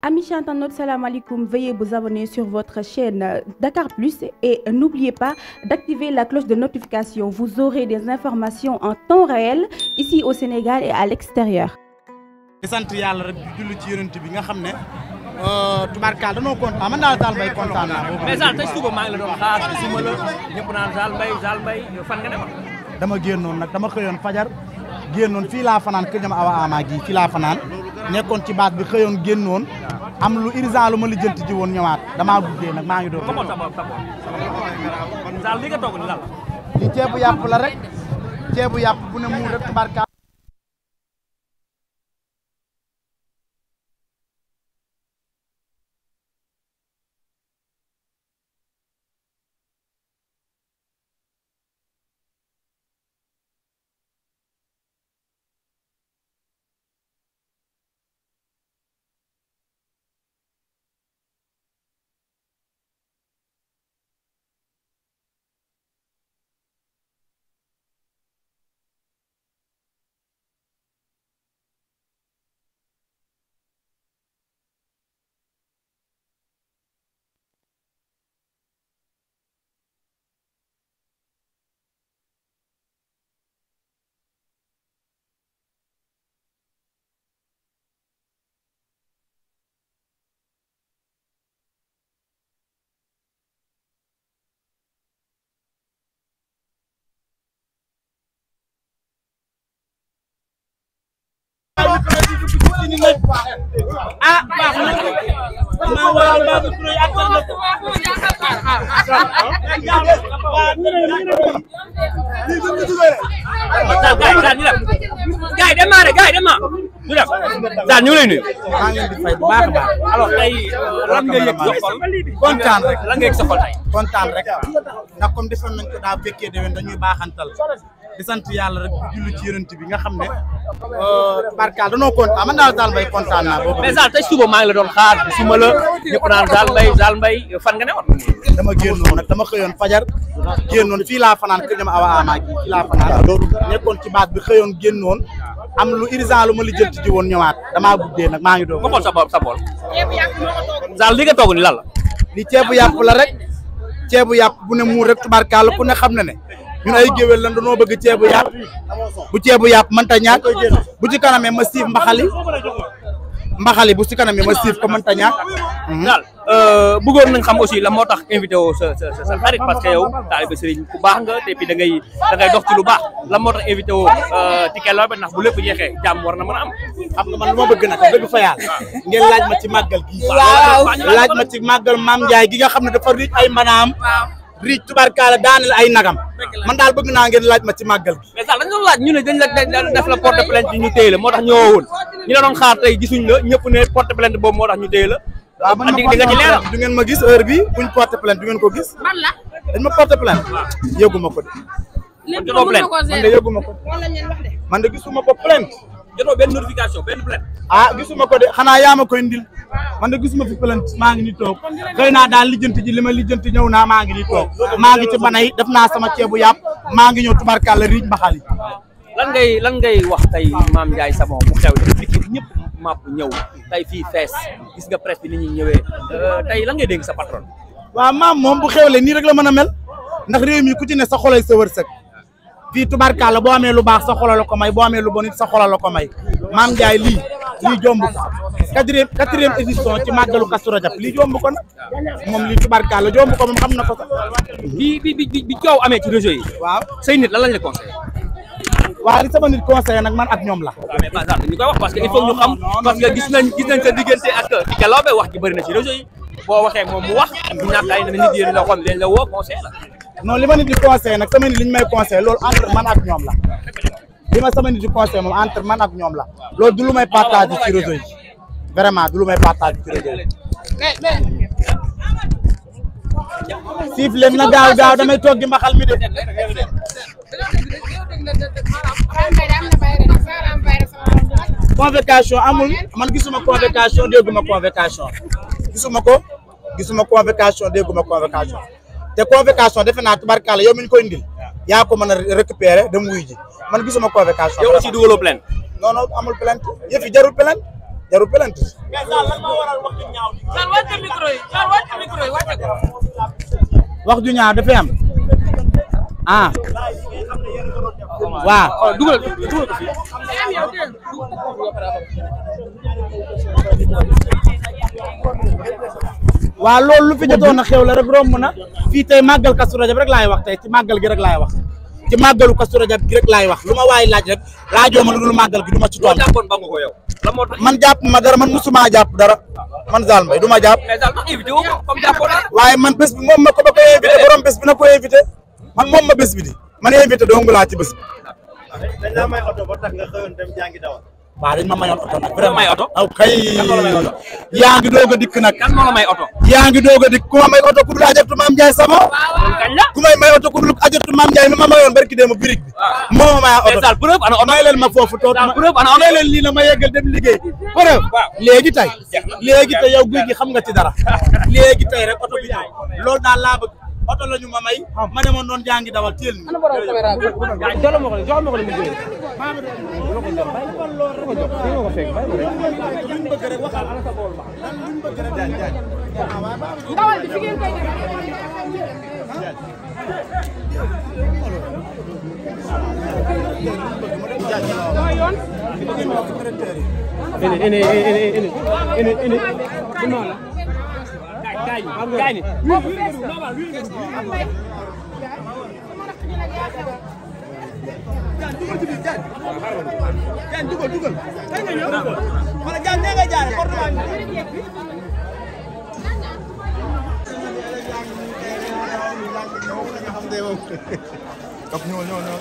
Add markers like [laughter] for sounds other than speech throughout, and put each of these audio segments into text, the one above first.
Amis chers internautes, salam alaikum. Veuillez vous abonner sur votre chaîne Dakar Plus et n'oubliez pas d'activer la cloche de notification. Vous aurez des informations en temps réel ici au Sénégal et à l'extérieur. di sant yàlla rek di ci yonent bi nga xam ne euh, tubaarkaal dañoo kontaan ah, man daal Zale fan nga dama génnoon dama xëyoon fajar génnoon fii fanaan kër ñoom Awa Ama gi fanaan. nekkoon ci baat bi xëyoon génn woon am lu urgent lu ma lijjanti ji woon ñëwaat damaa guddee na maa ngi doon. li nga togg ni lan la. li ceebu yàpp la rek ceebu yàpp bu ne mu rek barka ni lépp ah baax na maa waral baax na kuréel ak lan la ko. waaw ñu ne ñu ne. gars yi dem naa de gars yi dem naa ñu def daal ñu ngi lay nuyu. maa ngi leen di fay bu baax a baax. alors tey lan nga yëg sa xol. kontaan rek lan nga yëg sa xol tey. kontaan rek ndax comme defoon nañ ko daa fekkee déwén dañuy baaxantal. di sant yàlla rek di julli ci yonent bi nga xam ne euh, barkaal danoo kon man daal daal mbay kontaan naa boobu mais daal tey suba maa ngi la doon xaar su ma la ñëpp daal mbay daal fan nga ne woon dama génnoon nag dama xëyoon fajar génnoon fii laa fanaan kër ñoom awa amaa gi fii laa fanaan loolu nekkoon ci baat bi xëyoon génnoon am lu urgent lu ma li jël ci woon ñëwaat damaa guddee nag maa ngi doo nga xool sa bopp sa bool daal li nga toog ni lan la li ceebu yàpp la rek ceebu yàpp bu ne muur rek tubarkaal ku ne xam ne ne ñun ay géwél lan dañoo bëgg ceebu yàpp bu ceebu yàpp mënta ñàkk bu ci kanamee ma siif mbaxali mbaxali bu ci kanamee ma siif ko mënta ñàkk. daal euh, bëggoon nañ xam aussi la moo tax invité woo sa sa sa xarit parce que yow taaliba sëriñ ku baax nga te puis da ngay da dox ci lu baax la moo tax invité woo Tické euh, Laobé ndax bu lépp jeexee jàmm war na mën a am. xam nga man lu ma bëgg nag dëgg fa yàlla ngeen laaj ma ci màggal gi. waaw laaj ma ci màggal maam Ndiaye gi nga xam ne dafa riij ay manaam riij tubarkaale daaneel ay nagam man daal bëgg naa ngeen laaj ma ci màggal gi mais sax dañ doon laaj ne dañ la porte plainte ñu téye moo tax ñëwoon ñu la doon xaar tey gisuñ la ñëpp ne porte plainte boobu moo tax ñu téye la waaw man di ma gis heure bi buñ porte plainte du ngeen ko gis man la dañ ma porte plainte yëguma ko de man de yëguma ko man de gisuma ko plainte jotoo benn notification benn plainte. ah gisuma ko de xanaa yaa ma koy ndil man de gisuma fi plainte maa ngi ni toog xëy naa daal lijjanti ji li ma lijjanti ñëw naa maa ngi ni toog maa ngi ci banay def naa sama bu yàpp maa ngi ñëw tubarkàlla riij mbaxal yi lan ngay lan ngay wax tey maam Ndiaye Savon mu xew li Pikine ñëpp mapp ñëw tay fii fees gis nga presse bi ni ñuy ñëwee euh, tey lan ngay dégg sa patron. waa maam moom bu xewle nii rek la mën a mel ndax réew mi ku ci ne sa xolay sa fii tubarkàlla boo amee lu baax sa xolal la ko may boo amee lu bon it sa xolal la ko may maam Ndiaye lii lii jomb ko quatrième quatrième édition ci màggalu Kazu Rajab lii jomb ko nag moom lii tubarkàlla jomb ko moom xam na ko sax. bi bi bi bi coow amee ci réseau yi. waaw say nit lan lañ la conseillé. waaw li sama nit conseillé nag man ak ñoom la. waaw ah, mais bazar dañu koy wax parce que il faut ñu xam parce que gis nañ gis nañ sa diggante ak Diallo wax ci bëri na ci réseau yi boo waxee moom mu wax du ñàkk ay nit yéen la xam leen la woo conseillé la. non li ma nit di conseil nag sama nit li may conseil loolu entre man ak ñoom la li ma sama nit di conseil moom entre man ak ñoom la loolu du lu may partage ci réseau yi vraiment lu may partage ci réseau yi siif leen na gaaw gaaw damay toog di mbaxal mi de convocation amul man gisuma convocation dégguma convocation gisuma ko gisuma convocation dégguma convocation te convocation defe naa tubarkalla yow mi ñu koy indil yaa ko mën a récupérer dem wuy ji man gisuma convocation. yow aussi dugaloo plainte. non non amul plainte yëf yi jarul plainte jarul plainte. mais daal lan moo ju ñaaw. daal waaw loolu lu fi jotoon a xew la rek romb na fii tey màggal Kazu Rajab rek laay wax tey i màggal gi rek laay wax i màggalu Kazu Rajab gi rek laay wax lu ma waay laaj rek laajoo ma lu dul gi du ma ci doon man jàpp ma dara man musuma jàpp dara man Zale Mbaye du ma jàpp waaye man bés bi moom ma ko ba ko invité borom bés bi na ko invité man moom ma bés bi di man invité dong laa ci bés bi waaw dañ ma may oto nag vraiment may oto aw kay yaa ngi doog a dikk nag kan moo la may oto yaa ngi doog a dikk ku ma may oto ku dul ajatu maam Ndiaye sama ku may may oto ku dul ajatu maam Ndiaye mi ma mayoon barki démb birig bi moo ma may oto preuve ana may leen ma foofu toog may leen lii la ma yeggal dem liggéey preuve léegi tey léegi tey yow guy gi xam nga ci dara [laughs] léegi tey rek oto bi ñëw loolu daal laa bëgg oto la ñu ma may. ma demoon doon jàngi dawal teel ñu. ana borom caméra bi jox ma ko jox ma ko mu jógee. maa ngi doon jox ma ko lool ko jox fii ma ko fekk bàyyi ma bëgg rek waxal ala sa bool ba. bëgg rek jaay jaay. ndawal bi fi ngeen koy defee. yoon. gaañ gaañ gaañ dugal dugal kañ nga ñëw wala gaañ ne nga jaare portugal ñëw ñëw ñëw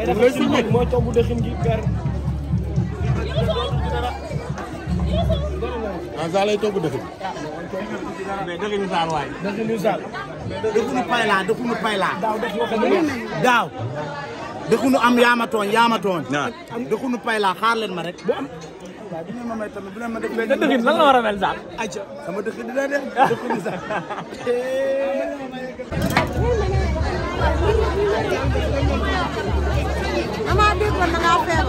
mooy togg dëxin gi per. ah Saal lay togg dëxin. mais dëxinu Saal waay. dëxinu Saal. dëxinu Payla dëxinu Payla. daaw def nga ko mu neex. daaw. dëxinu am yaama tooñ yaama tooñ. waaw dëxinu Payla xaar leen ma rek. bu am. waaw bu ñu ma may tamit bu leen ma def. mais dëxin lan la war a mel Saal. ayca sama dëxin dina def [laughs] dëxinu Saal. [laughs] dama déggoon da ngaa